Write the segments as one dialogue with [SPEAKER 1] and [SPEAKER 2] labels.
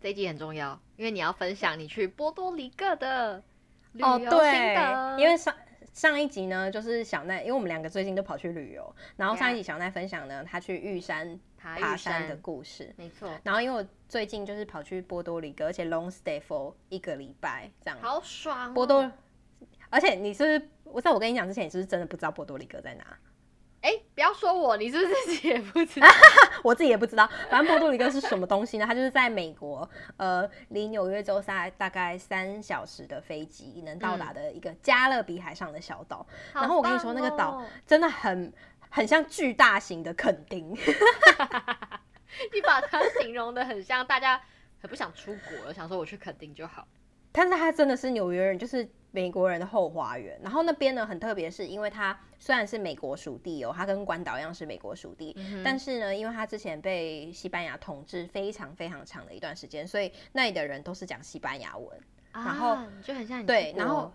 [SPEAKER 1] 這一集很重要，因為你要分享你去波多黎各的旅
[SPEAKER 2] 遊心得。因為
[SPEAKER 1] 上上一集呢，就是小奈，因為我們兩個最近都跑去旅遊，然後上一集小奈分享呢，她去玉山爬山的故事，沒錯。然後因為我最近就是跑去波多黎各，而且 long stay for 一個禮拜，這樣好爽哦。波多，而且你是不是我在我跟你講之前，你是不是真的不知道波多黎各在哪？
[SPEAKER 2] 哎、欸，不要說我，你是不是自己也不知
[SPEAKER 1] 道，啊、我自己也不知道。反正波多黎各是什麼東西呢？它 就是在美國，呃，離紐約州大概三小時的飛機能到達的一個加勒比海上的小島。嗯、然後我跟你說，哦、那個島真的很很像巨大型的肯丁
[SPEAKER 2] 墾丁， 你把它形容的很像，大家很不想出國了， 想說我去墾丁就好。
[SPEAKER 1] 但是它真的是紐約人，就是。美國人的後花園，然後那邊呢，很特別，是因為它雖然是美國屬地哦、喔，它跟關島一樣是美國屬地，嗯、哼但是呢，因為它之前被西班牙統治非常非常長的一段時間，所以那裡的人都是講西班牙文，然後、
[SPEAKER 2] 啊、就很像你對，然後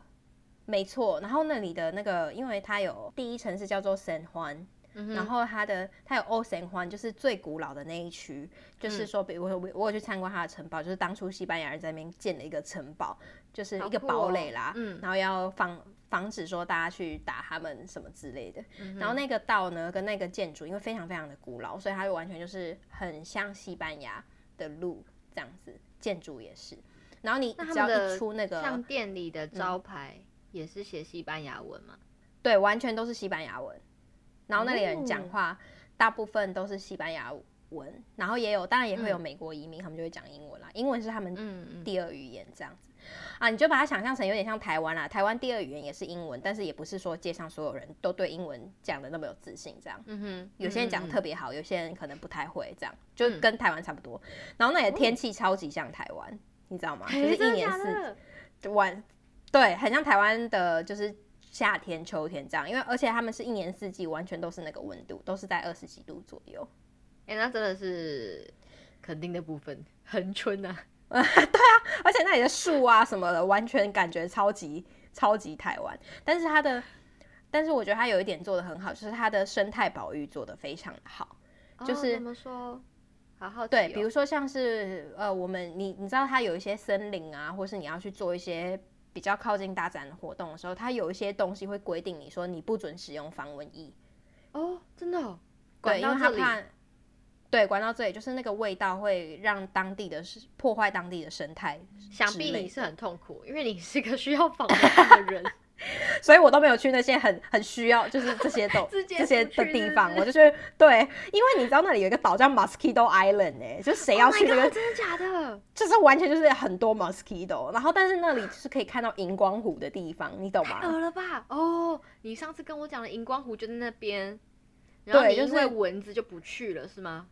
[SPEAKER 1] 沒錯，然後那裡的那個，因為它有第一城市叫做 San Juan 嗯、然後它的它有 Old San Juan, 就是最古老的那一區，
[SPEAKER 2] 就是說，
[SPEAKER 1] 比如、嗯、我我，我有去參觀它的城堡，就是當初西班牙人在那邊建了一個城堡，就是一個堡壘啦。哦、嗯。然後要防防止說大家去打他們什麼之類的。嗯、哼然後那個道呢，跟那個建築因為非常非常的古老，所以它就完全就是很像西班牙的路這樣子，
[SPEAKER 2] 建築也是。然後你他們出那個那的像店裡的招牌也是寫西班牙文嗎？嗯、
[SPEAKER 1] 對，完全都是西班牙文。
[SPEAKER 2] 然後那裡人講話
[SPEAKER 1] 大部分都是西班牙文，嗯、然後也有，當然也會有美國移民，嗯、他們就會講英文啦。英文是他們第二語言這樣子、嗯、啊，你就把它想象成有點像台灣啦。台灣第二語言也是英文，但是也不是說街上所有人都對英文講得那麼有自信這樣。嗯
[SPEAKER 2] 哼，有些人講得特別
[SPEAKER 1] 好，嗯、哼有些人可能不太會這樣，就跟台灣差不多。嗯、然後那裡的天氣超級像台灣，哦、你知道嗎？就是一年四季，對，很像台灣的，就是。夏天、秋天這樣，因為而且他們是一年四季，完全都是那個溫度，都是在二十幾度左右。
[SPEAKER 2] 誒、欸，那真的是肯定的部分。恆春
[SPEAKER 1] 啊， 對啊，而且那裡的樹啊什麼的， 完全感覺超級超級台灣。但是它的，但是我覺得它有一點做得很好，就是它的生態保育做得非常好。就是、哦、怎
[SPEAKER 2] 麼說？好好奇、哦、對，比如
[SPEAKER 1] 說像是呃，我們你你知道它有一些森林啊，或是你要去做一些。比較靠近大自然的活動的時候，他有一些東西會規定你說，你不准使用防蚊液。哦，真的、哦？對，
[SPEAKER 2] 管到這裡因為
[SPEAKER 1] 他怕，對，管到這裡就是那個味道會讓當地的破壞當地的生態。想必你是
[SPEAKER 2] 很痛苦，因為你
[SPEAKER 1] 是個需要防蚊的人。 所以我都沒有去那些很很需要，就是這些都 這些的地方。 我就是對，因為你知道那裡有一個島叫 Mosquito Island 哎、欸，就是誰要去那、就、個、是？Oh my
[SPEAKER 2] God, 真的假
[SPEAKER 1] 的？就是完全就是很多 Mosquito，然後但是那裡就是可以看到熒光湖的地方，你懂嗎？有
[SPEAKER 2] 了吧？哦，你上次跟我講的熒光湖就在那邊，然
[SPEAKER 1] 後你因為蚊子
[SPEAKER 2] 就不去了、就是、是嗎？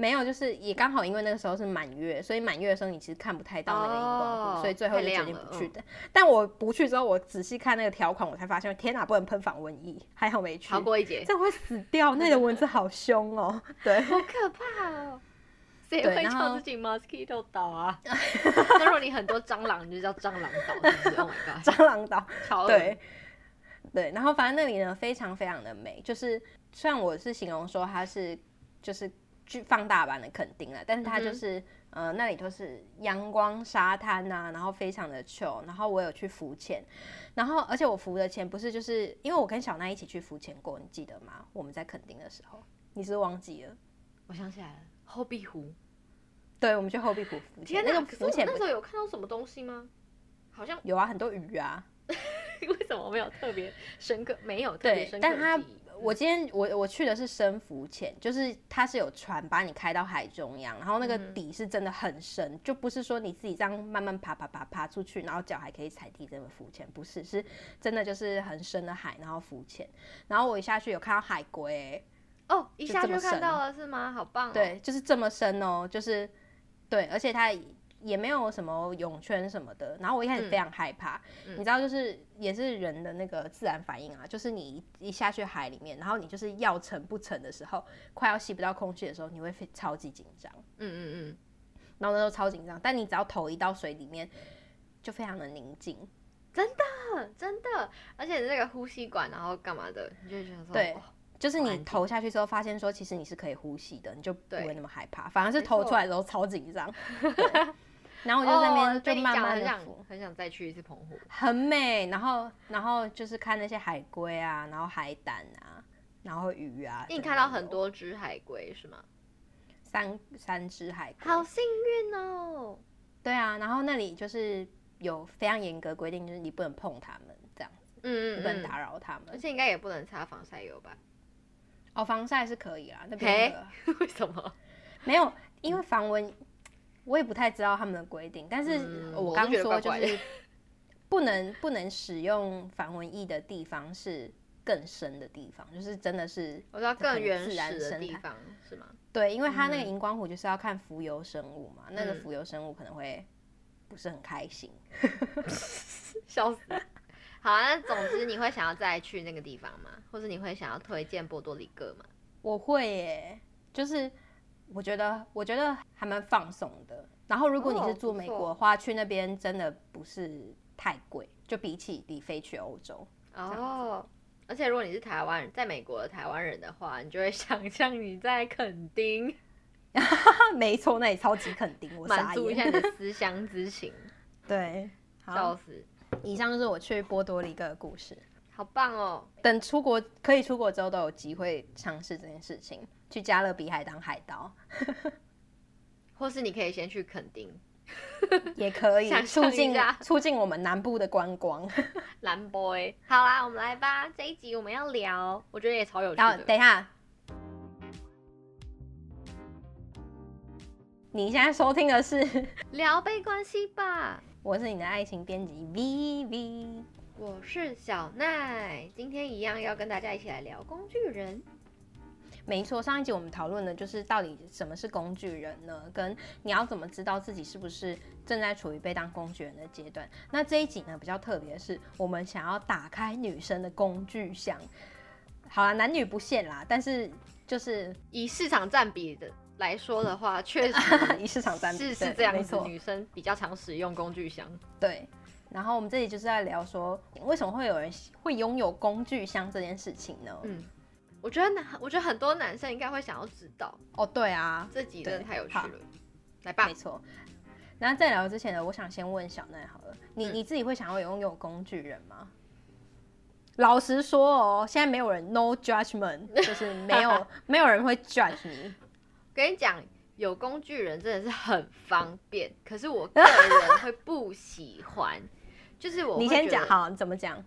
[SPEAKER 1] 沒有，就是也剛好，因為那個時候是滿月，所以滿月的時候你其實看不太到那個螢光、哦、所以最後就決定不去的。嗯、但我不去之後，我仔細看那個條款，我才發現，天哪，不能噴防蚊液，還好沒去。逃過一劫，這會死掉，那個蚊子好凶哦， 對， 對好
[SPEAKER 2] 可怕哦，誰會唱自己 Mosquito 島啊？那如果 你很多蟑螂，你就叫蟑螂島。
[SPEAKER 1] Oh、蟑螂
[SPEAKER 2] 島，好 對
[SPEAKER 1] 對。然後反正那裡呢，非常非常的美，就是雖然我是形容說它是，就是。去放大版的墾丁了，但是它就是，嗯、哼呃，那裡都是陽光沙灘啊，然後非常的 chill，然後我有去浮潛，然後而且我浮的潛不是就是因為我跟小娜一起去浮潛過，你記得嗎？我們在墾丁的時候，你是忘記了？我想起來了，後壁湖。對，我們去後壁湖浮潛，天哪那個浮潛那時候有
[SPEAKER 2] 看到什麼東西嗎？好像有啊，
[SPEAKER 1] 很多魚啊。
[SPEAKER 2] 為什麼我沒有特別深刻？沒有特別深刻
[SPEAKER 1] 我今天我我去的是深浮潛，就是它是有船把你開到海中央，然後那個底是真的很深，嗯、就不是說你自己這樣慢慢爬爬爬爬出去，然後腳還可以踩地這麼浮潛，不是，是真的就是很深的海，然後浮潛。然後我一下去有看到海龜、欸，哦，一下就看到了
[SPEAKER 2] 是嗎？好棒、哦！對，
[SPEAKER 1] 就是這麼深哦，就是，對，而且它。也沒有什麼泳圈什麼的，然後我一開始非常害怕，嗯、你知道，就是也是人的那個自然反應啊，嗯、就是你一下去海裡面，然後你就是要沉不沉的時候，快要吸不到空氣的時候，你會超級緊張，嗯嗯嗯，然後那時候超緊張，但你只要頭一到水裡面，就非常的寧靜，
[SPEAKER 2] 真的真的，而且這個呼吸管然後幹嘛的，你就會覺得說
[SPEAKER 1] 對，就是你頭下去之後發現說其實你是可以呼吸的，你就不會那麼害怕，對反而是頭出來的時候超緊張。錯對 然後我就在那邊、oh, 就慢慢的很，
[SPEAKER 2] 很想再去一次澎湖，
[SPEAKER 1] 很美。然後，然後就是看那些海龜啊，然後海膽啊，
[SPEAKER 2] 然後魚啊。你，你
[SPEAKER 1] 看到很多只海龜是嗎？三三只海龜，好幸運哦。對啊，然後那裡就是有非常嚴格規定，就是你不能碰它們這樣子，嗯，嗯不能打擾它們，而且應該也不能擦防曬油吧？哦，防曬是可以啦，那邊。Hey? 為什麼？沒有，因為防蚊。嗯我也不太知道他們的規定，但是我剛說就是不能不能使用防蚊液的地方是更深的地方，就是真的是我知道更原始的地方是
[SPEAKER 2] 嗎？對，因為它那個熒
[SPEAKER 1] 光湖就是要看浮游生物嘛，那，那個浮游生物
[SPEAKER 2] 可能會不是很開心，， 笑死了。好啊，那總之你會想要再去那個地方嗎？或者你會想要推薦波多黎各嗎？我
[SPEAKER 1] 會耶、欸，就是。我覺得，我覺得還蠻放鬆的。然後，如果你是住美國的話，哦、去那邊真的不是太貴，就比起你飛去歐
[SPEAKER 2] 洲。哦，而且如果你是台灣人、哦、在美國的台灣人的話，你就會想象你在墾丁。
[SPEAKER 1] 沒錯，那裡超級墾丁，滿足一下你的
[SPEAKER 2] 思鄉之情。對，好，笑
[SPEAKER 1] 死。以上就是我去波多黎各的故事，好棒哦！等出國可以出國之後，都有機會嘗試這件事情。去加勒比海當海盜， 或是你可以先去墾丁，
[SPEAKER 2] 也可以促進
[SPEAKER 1] 促進我們南部的觀光。
[SPEAKER 2] 藍 boy，好啦，我們來吧。這一集我們要聊，我覺得也超有趣。然後等一下，
[SPEAKER 1] 你現在收聽的是
[SPEAKER 2] 聊杯關係吧。我是你的愛情編輯 V V，我是小奈，今天一樣要跟大家一起來聊工具人。沒
[SPEAKER 1] 錯，上一集我們討論的就是到底什麼是工具人呢？跟你要怎麼知道自己是不是正在處於被當工具人的階段？那這一集呢，比較特別的是，我們想要打開女生的工具箱。好啦、啊，男女不限啦，但是就是
[SPEAKER 2] 以市場占比的來說的話，確 確實 以
[SPEAKER 1] 市場占比是，是這樣子，女
[SPEAKER 2] 生比較常使用工具箱。
[SPEAKER 1] 對，然後我們這裡就是在聊說，為什麼會有人會擁有工具箱這件事情呢？嗯。
[SPEAKER 2] 我覺得男，我覺得很多男生應該會想要知道
[SPEAKER 1] 哦。對啊，這集真的太有趣
[SPEAKER 2] 了，來吧。沒錯。
[SPEAKER 1] 那再聊之前呢，我想先問小奈好了，對你你自己會想要擁有工具人嗎？老實說哦，現在沒有人，no judgment， 就是沒有沒有人會 judge 你。
[SPEAKER 2] 跟你講，有工具人真的是很方便，可是我個人會不喜歡。 就是我，你先講，好，你怎麼講？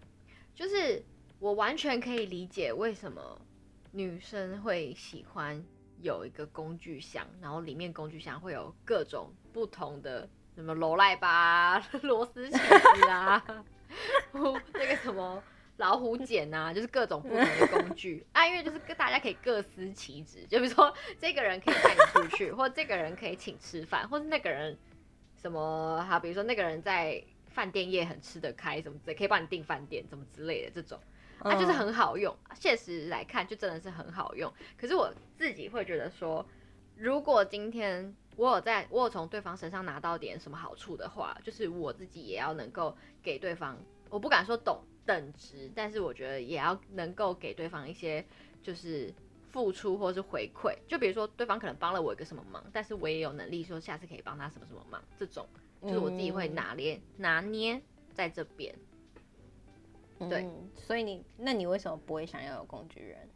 [SPEAKER 2] 就是我完全可以理解為什麼。女生會喜歡有一個工具箱，然後裡面工具箱會有各種不同的什麼螺賴把、螺絲鉗子啊，那 個什麼老虎鉗啊，就是各種不同的工具啊。因為就是大家可以各司其職，就比如說這個人可以帶你出去，或者這個人可以請吃飯，或者是那個人什麼好、啊，比如說那個人在飯店也很吃得開，什麼之類可以幫你訂飯店，什麼之類的這種。它、啊、就是很好用，現實來看就真的是很好用。可是我自己會覺得說，如果今天我有在，我有從對方身上拿到點什麼好處的話，就是我自己也要能夠給對方。我不敢說懂等值，但是我覺得也要能夠給對方一些，就是付出或是回饋。就比如說對方可能幫了我一個什麼忙，但是我也有能力說下次可以幫他什麼什麼忙。這種就是我自己會拿捏、嗯、拿捏在這邊。嗯、對，所以你，那你為什麼不會想要有工具人？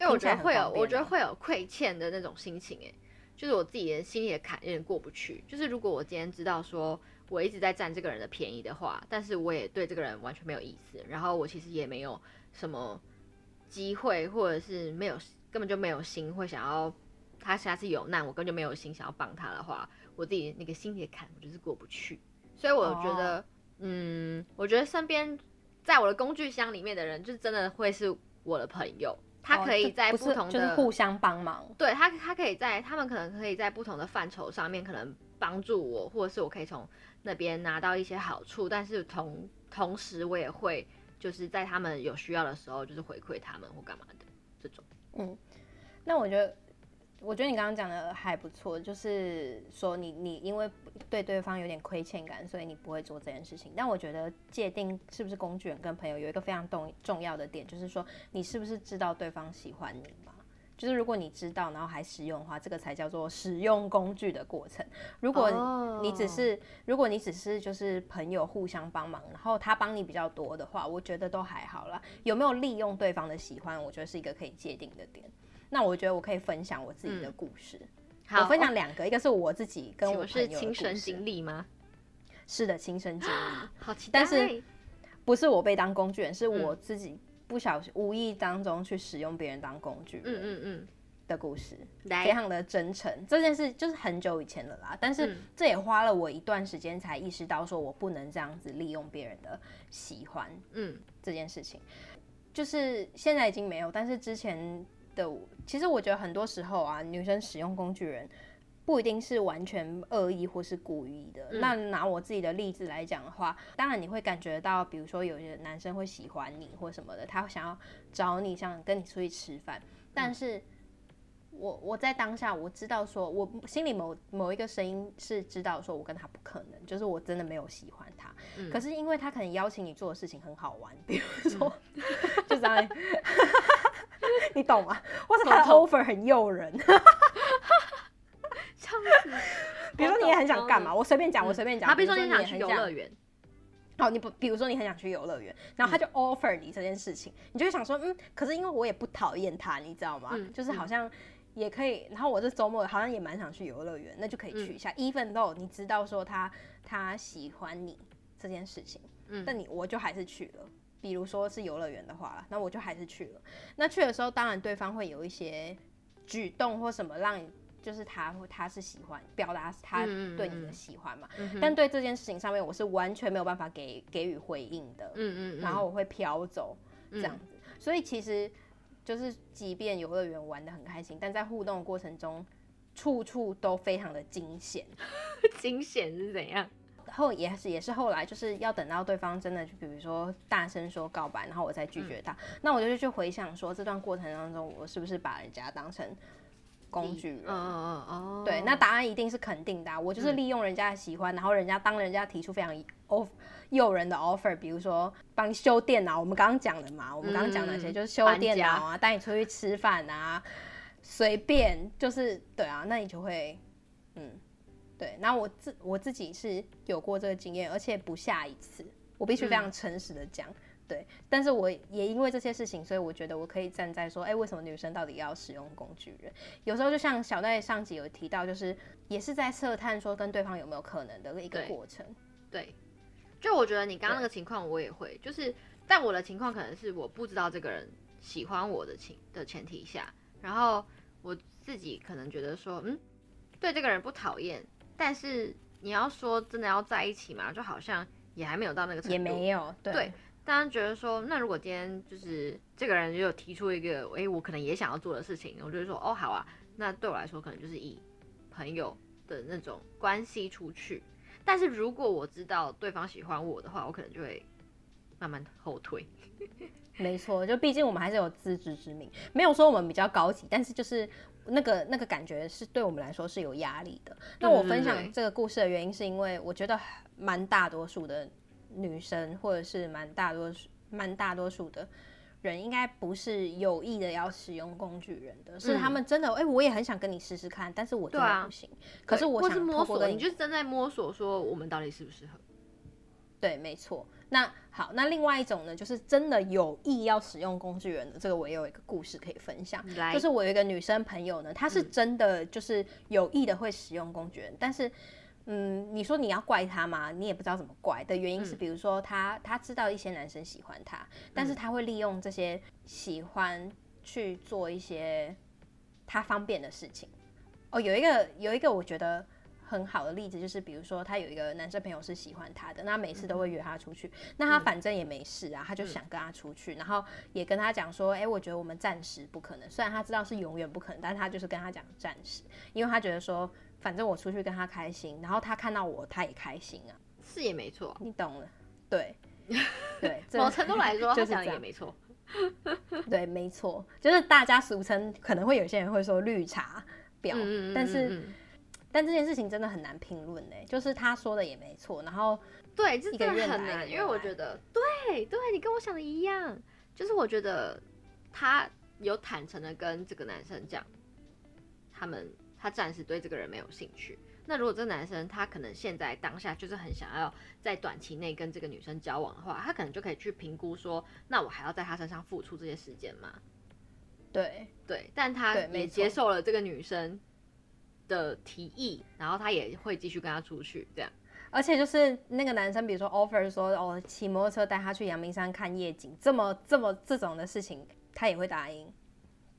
[SPEAKER 1] 因為我覺得會有，我覺得
[SPEAKER 2] 會有虧欠的那種心情、欸。哎，就是我自己的心裡的坎有點過不去。就是如果我今天知道說我一直在佔這個人的便宜的話，但是我也對這個人完全沒有意思，然後我其實也沒有什麼機會，或者是沒有根本就沒有心會想要他下次有難，我根本就沒有心想要幫他的話，我自己那個心裡的坎我就是過不去。所以我覺得，哦、嗯，我覺得身邊。在我的工具箱裡面的人，就是真的會是我的朋友。他可以在不同的、哦就不是就是、互相幫忙。對他，他可以在他們可能可以在不同的範疇上面，可能幫助我，或者是我可以從那邊拿到一些好處。但是同同時，我也會就是在他們有需要的時候，就是回饋他們或幹嘛的這種。
[SPEAKER 1] 嗯，那我覺得。我覺得你剛剛講的還不錯，就是說你你因為對對方有點虧欠感，所以你不會做這件事情。但我覺得界定是不是工具人跟朋友有一個非常重重要的點，就是說你是不是知道對方喜歡你嘛？就是如果你知道，然後還使用的話，這個才叫做使用工具的過程。如果你只是、oh. 如果你只是就是朋友互相幫忙，然後他幫你比較多的話，我覺得都還好啦。有沒有利用對方的喜歡，我覺得是一個可以界定的點。那我覺得我可以分享我自己的故事。
[SPEAKER 2] 嗯、好，我分享兩
[SPEAKER 1] 個，哦、一個是我自己跟我朋友的故事。是親身經歷嗎？是的，親身經歷、啊。好期待。但是不是我被當工具人，是我自己不小心、嗯、無意當中去使用別人當工具人。嗯嗯嗯。的故事，嗯嗯嗯、非常的真誠。這件事就是很久以前了啦，但是這也花了我一段時間才意識到，說我不能這樣子利用別人的喜歡。嗯，這件事情就是現在已經沒有，但是之前的。其實我覺得很多時候啊，女生使用工具人不一定是完全惡意或是故意的。嗯、那拿我自己的例子來講的話，當然你會感覺到，比如說有些男生會喜歡你或什麼的，他想要找你，想跟你出去吃飯。嗯、但是我，我我在當下我知道說，說我心裡某某一個聲音是知道，說我跟他不可能，就是我真的沒有喜歡他。嗯、可是因為他可能邀請你做的事情很好玩，比如說，嗯、 就當你。你懂嗎、啊？或者他 offer 很誘人，
[SPEAKER 2] 哈
[SPEAKER 1] 哈比如說你也很想幹嘛，我隨便講，嗯、我隨便講。他比如說你很想去遊樂園，好、嗯哦，你不比如說你很想去遊樂園，然後他就 offer 你這件事情，你就會想說，嗯，可是因為我也不討厭他，你知道嗎？嗯、就是好像也可以。然後我這周末好像也蠻想去遊樂園，那就可以去一下。嗯、Even though 你知道說他他喜歡你這件事情，嗯，但你我就還是去了。比如說是遊樂園的話，那我就還是去了。那去的時候，當然對方會有一些舉動或什麼讓你，讓就是他他是喜歡表達他對你的喜歡嘛。嗯嗯、但對這件事情上面，我是完全沒有辦法給給予回應的。嗯，嗯嗯。然後我會飄走這樣子，嗯、所以其實就是，即便遊樂園玩得很開心，但在互動的過程中，處處都非常的驚險。驚險 是怎樣？然後也是也是後來就是要等到對方真的，就比如說大聲說告白，然後我再拒絕他。嗯、那我就是去回想說，這段過程當中我是不是把人家當成工具人？嗯嗯嗯哦。對，那答案一定是肯定的、啊。我就是利用人家的喜歡，嗯、然後人家當人家提出非常哦誘人的 offer，比如說幫你修電腦。我們剛剛講的嘛，我們剛剛講那些、嗯、就是修電腦啊，家帶你出去吃飯啊，隨便就是對啊，那你就會嗯。對，然後我自我自己是有過這個經驗，而且不下一次，我必須非常誠實的講，嗯、對。但是我也因為這些事情，所以我覺得我可以站在說，哎、欸，為什麼女生到底要使用工具人？有時候就像小戴上集有提到，就是也是在試探說跟對方有沒有可
[SPEAKER 2] 能的一個過程。對，對，就我覺得你剛剛那個情況，我也會，對就是，但我的情況可能是我不知道這個人喜歡我的情的前提下，然後我自己可能覺得說，嗯，對這個人不討厭。但是你要說真的要在一起嘛，就好像也還沒有到那個程度，也沒有，對。當然覺得說，那如果今天就是這個人就有提出一個，誒、欸，我可能也想要做的事情，我就會說，哦，好啊，那對我來說可能就是以朋友的那種關係出去。但是如果我知道對方喜歡我的話，我可能就會。慢慢後
[SPEAKER 1] 退，沒錯，就畢竟我們還是有自知之明，沒有說我們比較高級，但是就是那個那個感覺是對我們來說是有壓力的。
[SPEAKER 2] 那、嗯、我分享
[SPEAKER 1] 這個故事的原因，是因為我覺得蠻大多數的女生，或者是蠻大多數蠻大多數的人，應該不是有意的要使用工具人的，嗯、是他們真的哎，欸、我也很想跟你試試看，但是我真的不行。啊、可是我想或是摸索，你就
[SPEAKER 2] 正在摸索說我們到底適不適合？
[SPEAKER 1] 對，沒錯。那好，那另外一種呢，就是真的有意要使用工具人的。這個我也有一個故事可以分享。Like, 就是我有一個女生朋友呢，她是真的就是有意的會使用工具人，嗯、但是，嗯，你說你要怪她嗎？你也不知道怎麼怪的原因是，嗯、比如說她她知道一些男生喜歡她，嗯、但是她會利用這些喜歡去做一些她方便的事情。哦，有一個有一個我覺得。很好的例子就是，比如說他有一個男生朋友是喜歡他的，那他每次都會約他出去，嗯、哼那他反正也沒事啊，嗯、哼他就想跟他出去，嗯、哼然後也跟他講說，哎、欸，我覺得我們暫時不可能，雖然他知道是永遠不可能，但是他就是跟他講暫時，因為他覺得說，反正我出去跟他開心，然後他看到我他也開心啊，是也沒錯，你懂了，對， 對，某程度來說就是這樣也沒錯， 對，沒錯，就是大家俗稱可能會有些人會說綠茶婊，表，嗯嗯嗯嗯，但是。但這件事情真的很難評論嘞，就是他
[SPEAKER 2] 說的也沒錯，然後對，真的很難，因為我覺得對，對，你跟我想的一樣，就是我覺得他有坦誠的跟這個男生講，他們他暫時對這個人沒有興趣。那如果這個男生他可能現在當下就是很想要在短期內跟這個女生交往的話，他可能就可以去評估說，那我還要在他身上付出這些時間嗎？對對，但他沒接受了這個女生的提議，然後他也會繼續跟他出去，這樣。
[SPEAKER 1] 而且就是那個男生，比如說 offer 說，哦，騎摩托車帶他去陽明山看夜景，這麼這麼這種的事情，他也會答應，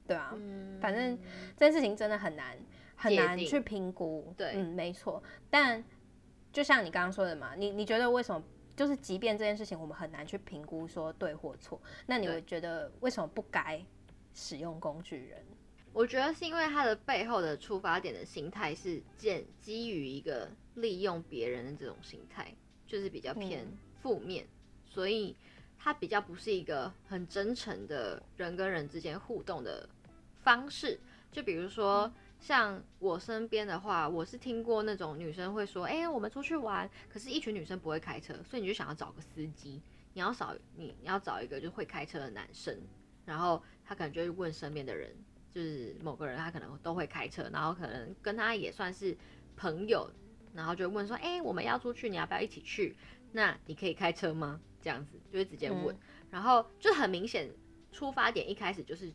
[SPEAKER 1] 對吧、啊？嗯、反正這件事情真的很難，很難去評估。界定，嗯、對，嗯，沒錯。但就像你剛剛說的嘛，你你覺得為什麼？就是即便這件事情我們很難去評估說對或錯，那你會覺得為什麼不該使用工具人？
[SPEAKER 2] 我覺得是因為他的背後的出發點的心態是建基於一個利用別人的這種心態，就是比較偏負面，嗯、所以他比較不是一個很真誠的人跟人之間互動的方式。就比如說像我身邊的話，我是聽過那種女生會說：“哎、欸，我們出去玩，可是，一群女生不會開車，所以你就想要找個司機，你要找你、你要找一個就會開車的男生，然後他可能就會問身邊的人。”就是某個人，他可能都會開車，然後可能跟他也算是朋友，然後就問說，哎、欸，我們要出去，你要不要一起去？那你可以開車嗎？這樣子就會直接問，嗯、然後就很明顯，出發點一開始就是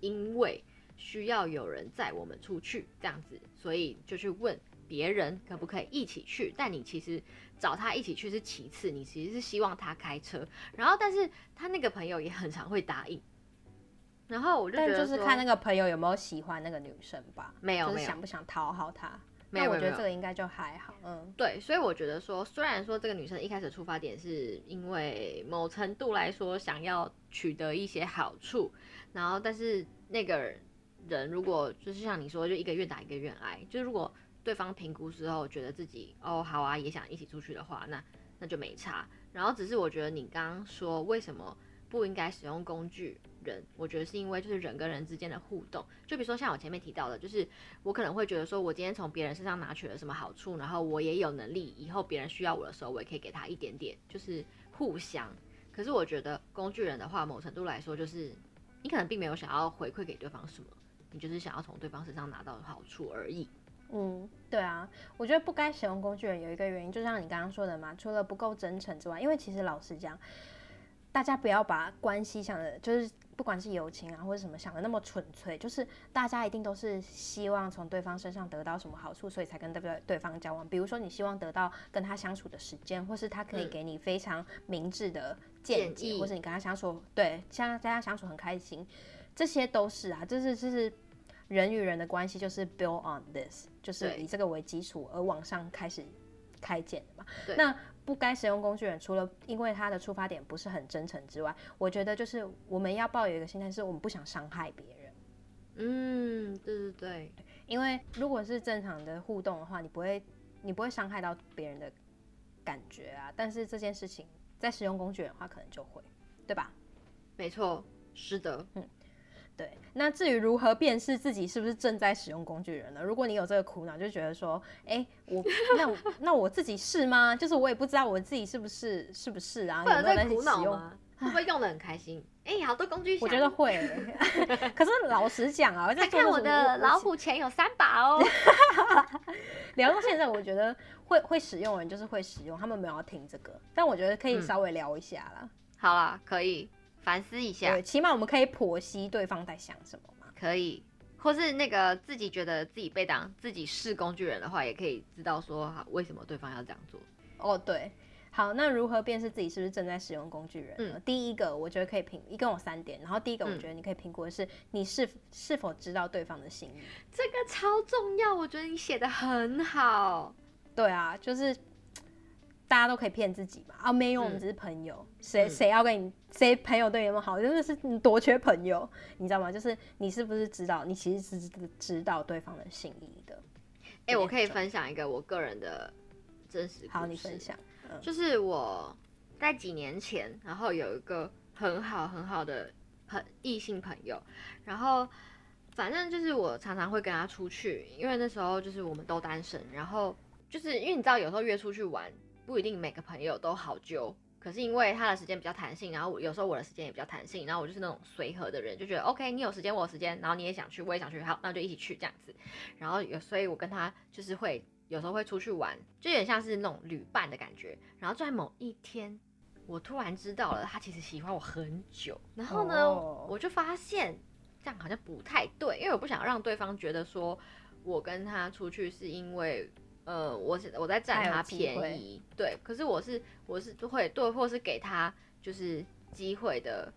[SPEAKER 2] 因為需要有人載我們出去，這樣子，所以就去問別人可不可以一起去。但你其實找他一起去是其次，你其實是希望他開車。然後，但是他那個朋友也很常會答應。然後
[SPEAKER 1] 我就覺得，但就是看那個朋友有沒有喜歡那個女生吧，沒有，就是想不想討好她。沒有，那我覺得這個應該就還好，沒有，
[SPEAKER 2] 嗯，對。所以我覺得說，雖然說這個女生一開始出發點是因為某程度來說想要取得一些好處，然後但是那個人如果就是像你說，就一個願打一個願挨，就是如果對方評估之後覺得自己哦好啊，也想一起出去的話，那那就沒差。然後只是我覺得你剛剛說為什麼不應該使用工具人，我覺得是因為就是人跟人之間的互動，就比如說像我前面提到的，就是我可能會覺得說，我今天從別人身上拿取了什麼好處，然後我也有能力，以後別人需要我的時候，我也可以給他一點點，就是互相。可是我覺得工具人的話，某程度來說，就是你可能並沒有想要回饋給對方什麼，你就是想要從對方身上拿到好處而已。
[SPEAKER 1] 嗯，對啊，我覺得不該使用工具人有一個原因，就像你剛剛說的嘛，除了不夠真誠之外，因為其實老實講，大家不要把關係想的就是。不管是友情啊，或者什麼想得那麼純粹，就是大家一定都是希望從對方身上得到什麼好處，所以才跟對對方交往。比如說，你希望得到跟他相處的時間，或是他可以給你非常明智的見解，嗯、或是你跟他相處，對，像大家相處很開心，這些都是啊，就是就是人與人的關係就是 build on this，就是以這個為基礎而往上開始開建的嘛。對那不該使用工具人，除了因為他的出發點不是很真誠之外，我覺得就是我們要抱有一個心態，是我們不想傷害別人。嗯，對對對。因為如果是正常的互動的話，你不會，你不會傷害到別人的感覺啊。但是這件事情在使用工具人的話，可能就會，對吧？沒錯，是的，嗯。對，那至於如何辨識自己是不是正在使用工具人呢？如果你有這個苦惱，就覺得說，哎、欸，我那我 那我自己是嗎？就是我也不知道我自己是不是，是不是啊？你會苦惱嗎？有有嗎？會不會用得很開心。
[SPEAKER 2] 哎唉、欸，好多工具我、欸。我覺得會。
[SPEAKER 1] 可是老實講啊，在看我的老虎
[SPEAKER 2] 鉗有三把哦。
[SPEAKER 1] 聊到現在，我覺得會會使用人就是會使用，他們沒有要聽這個，但我覺得可以稍微聊一下啦。嗯、好啊，可以。
[SPEAKER 2] 反思一下，起碼我們可以剖析對方在想什麼嘛。可以，或是那個自己覺得自己被當自己是工具人的話，也可以知道說為什麼對方要這樣做。
[SPEAKER 1] 哦，對，好，那如何辨識自己是不是正在使用工具人呢？嗯、第一個，我覺得可以評，一共有三點。然後第一個，我覺得你可以評估的是，你是、嗯、是否知道對方的心意。這個超重要，我覺得你寫的很好。對啊，就是。大家都可以騙自己嘛啊，沒有，我們只是朋友。誰誰、嗯、要跟你誰朋友，對你那麼好，真的、嗯、是你多缺朋友，你知道嗎？就是你是不是知道你其實是
[SPEAKER 2] 知道對方的心意的？哎、欸，我可以分享一個我個人的真實。好，你分享，就是我在幾年前，嗯、然後有一個很好很好的朋異性朋友，然後反正就是我常常會跟他出去，因為那時候就是我們都單身，然後就是因為你知道有時候約出去玩。不一定每個朋友都好揪，可是因為他的時間比較彈性，然後我有時候我的時間也比較彈性，然後我就是那種隨和的人，就覺得 OK，你有時間我有時間，然後你也想去我也想去，好，那就一起去這樣子。然後有，所以我跟他就是會有時候會出去玩，就有點像是那種旅伴的感覺。然後在某一天，我突然知道了他其實喜歡我很久。然後呢，Oh. 我就發現這樣好像不太對，因為我不想讓對方覺得說我跟他出去是因為。呃，我是我在占他便宜，對，可是我是我是會對，或是給他就是機會的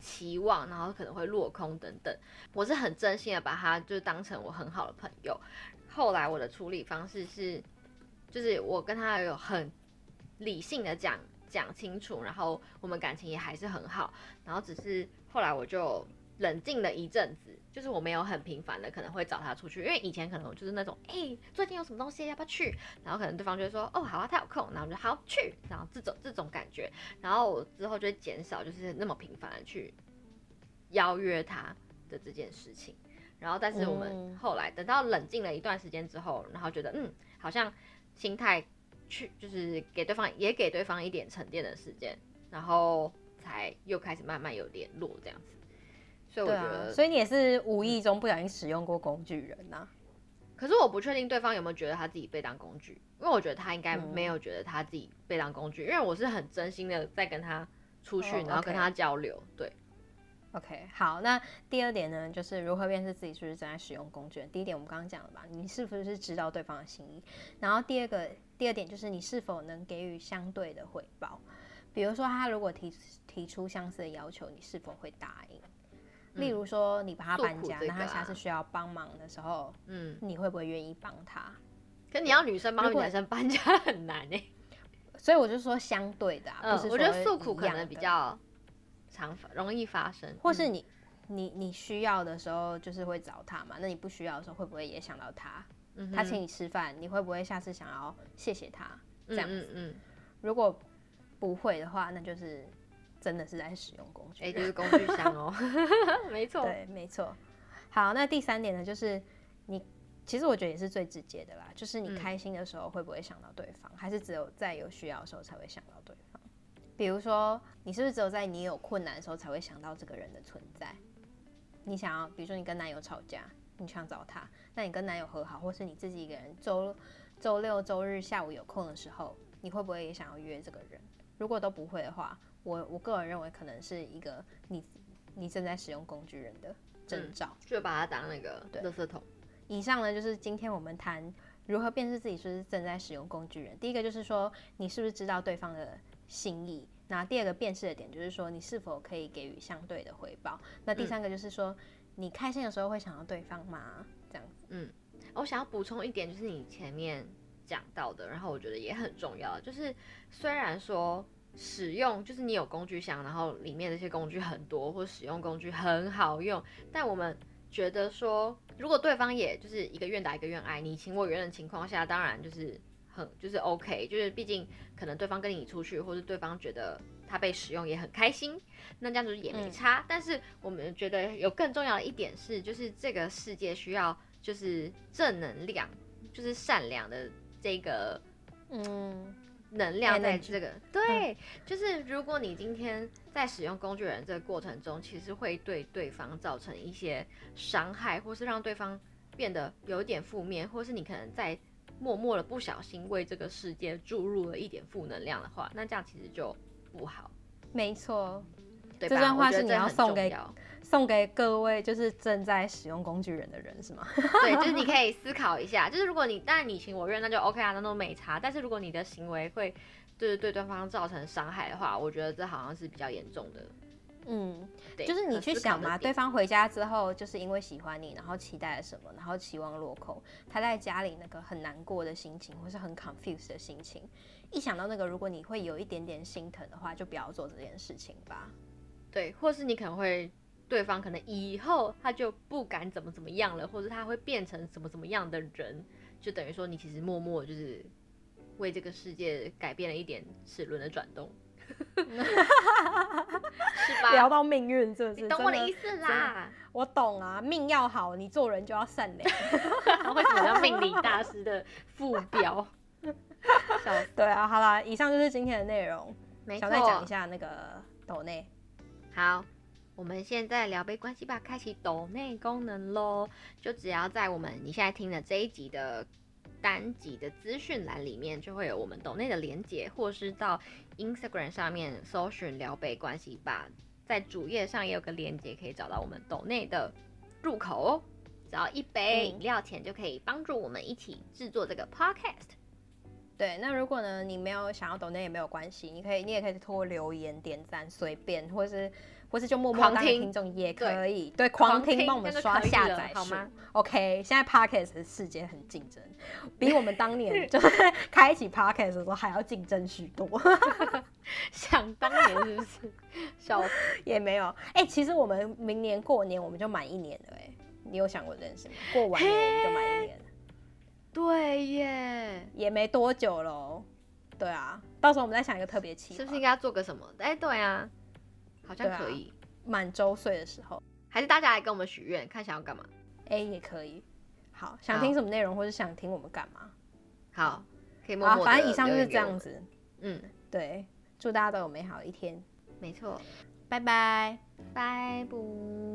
[SPEAKER 2] 期望，然後可能會落空等等，我是很真心的把他就是當成我很好的朋友。後來我的處理方式是，就是我跟他有很理性的講講清楚，然後我們感情也還是很好，然後只是後來我就，冷靜了一陣子，就是我沒有很頻繁的可能會找他出去，因為以前可能就是那種，哎、欸，最近有什麼東西、啊，要不要去？然後可能對方就會說，哦，好啊，他有空，然後我們就好去，然後這種這種感覺，然後我之後就會減少，就是那麼頻繁的去邀約他的這件事情。然後但是我們後來等到冷靜了一段時間之後，然後覺得嗯，好像心態去就是給對方也給對方一點沉澱的時間，然後才又開始慢慢有聯絡這樣子。所以我覺得、對啊，所以你也是無意中不小心使用過工具人吶、啊嗯。可是我不確定對方有沒有覺得他自己被當工具，因為我覺得他應該沒有覺得他自己被當工具，嗯、因為我是很真心的在跟他出去，哦、然後跟他交流。哦、okay
[SPEAKER 1] 對，OK，好，那第二點呢，就是如何辨識自己是不是正在使用工具人。第一點我們剛剛講了吧，你是不是知道對方的心意？然後第二個，第二點就是你是否能給予相對的回報，比如說他如果提提出相似的要求，你是否會答應？例如說你幫他搬家，啊、那他下次需要幫忙的時候，嗯，你會不會願意幫他？
[SPEAKER 2] 可你要女生幫男生
[SPEAKER 1] 搬家很難哎、欸。所以我就說相對的、啊，嗯，不是說我覺得訴苦可能比較常容易發生，或是你、嗯、你你需要的時候就是會找他嘛，那你不需要的時候會不會也想到他？嗯、
[SPEAKER 2] 哼他請你吃
[SPEAKER 1] 飯，你會不會下次想要謝謝他？這樣子，嗯嗯嗯，如果不會的話，那就是。真的是在使用工具、啊，哎、欸，就是工具箱哦， 沒錯 錯，對，沒錯。好，那第三點呢，就是你其實我覺得也是最直接的啦，就是你開心的時候會不會想到對方，嗯、還是只有在有需要的時候才會想到對方？比如說，你是不是只有在你有困難的時候才會想到這個人的存在？你想要，比如說你跟男友吵架，你想找他，那你跟男友和好，或是你自己一個人周周六周日下午有空的時候，你會不會也想要約這個人？如果都不會的話，我我個人認為，可能是一個你你正在使用工具人的徵兆，嗯，就把它打那個垃圾桶。對。以上呢，就是今天我們談如何辨識自己是不是正在使用工具人。第一個就是說，你是不是知道對方的心意？那第二個辨識的點就是說，你是否可
[SPEAKER 2] 以給予相對的回
[SPEAKER 1] 報？那第三個就是說，嗯、你開心的時候會想要對方嗎？這樣
[SPEAKER 2] 子。嗯，我想要補充一點，就是你前面講到的，然後我覺得也很重要，就是雖然說，使用就是你有工具箱，然後裡面那些工具很多，或者使用工具很好用。但我們覺得說，如果對方也就是一個願打一個願挨，你情我願的情況下，當然就是很就是 OK，就是畢竟可能對方跟你出去，或者對方覺得他被使用也很開心，那這樣子也沒差。嗯、但是我們覺得有更重要的一點是，就是這個世界需要就是正能量，就是善良的這個嗯。能量在這個、欸、對，對就是如果你今天在使用工具人這個過程中，其實會對對方造成一些傷害，或是讓對方變得有點負面，或是你可能在默默的不小心為這個世界注入了一點負能量的話，那這樣其實就不好。
[SPEAKER 1] 沒錯，對吧？這段話是你要送給。送給各位就是正在使用工具人的人是嗎？
[SPEAKER 2] 對，就是你可以思考一下，就是如果你當你情我願那就 OK 啊，那都沒差。但是如果你的行為會對對對方造成傷害的話，我覺得這好像是比較嚴重的。嗯，對，就是你去想嘛，對
[SPEAKER 1] 方回家之後就是因為喜歡你，然後期待了什麼，然後期望落空，他在家裡那個很難過的心情，或是很 confused 的心情，一想到那個，如果你會有一點點心疼的話，就不要做這件事情吧。對，
[SPEAKER 2] 或是你可能會。對方可能以後他就不敢怎麼怎麼樣了，或者他會變成怎麼怎麼樣的人，就等於說你其實默默的就是為這個世界改變了一點齒輪的轉動，
[SPEAKER 1] 是吧？聊
[SPEAKER 2] 到命運，是是，這是你懂我的意思啦。
[SPEAKER 1] 我懂啊，命要好，你做人就要善良。
[SPEAKER 2] 然 後為什麼要命理大師的
[SPEAKER 1] 副標？ 對啊，
[SPEAKER 2] 好啦。以上就是今天的內容。沒錯，小再講一下那個斗內，好。我們現在聊杯關係吧，開啟抖內功能咯。就只要在我們你現在聽的這一集的單集的資訊欄裡面，就會有我們抖內的鏈接，或是到 Instagram 上面搜尋聊杯關係吧，在主頁上也有個鏈接可以找到我們抖內的入口哦。只要一杯飲料錢就可以幫助我們一起制作這個 podcast。對，那如果呢
[SPEAKER 1] 你沒有想要抖內也沒有關係，你可以你也可以通過留言、點讚、隨便或是。或是就默默當個聽眾也可以，聽對,對，狂聽幫我們刷下載好嗎,好嗎？OK，現在 podcast 的世界很競爭， 比我們當年就是開啟 podcast 的時候還要競爭許多。 想當年是不是？笑,笑子也沒有。哎、欸，其實我們明年過年我們就滿一年了、欸，哎，你有想過這件事嗎？過完年我們就滿一年了對耶，也沒多久嘍。對啊，到時候我們再想一個特別期，是不是應該做個什麼？哎、欸，對啊。好像可以滿、啊、周歲的時候，還是大家來跟我們許願，看想要幹嘛？哎、欸，也可以。好，想聽什麼內容，好或是想聽我們幹嘛？
[SPEAKER 2] 好，可
[SPEAKER 1] 以默默。好、啊，反正以上就是這樣子。嗯，對，祝大家都有美好的一天。沒錯錯，拜拜，拜不。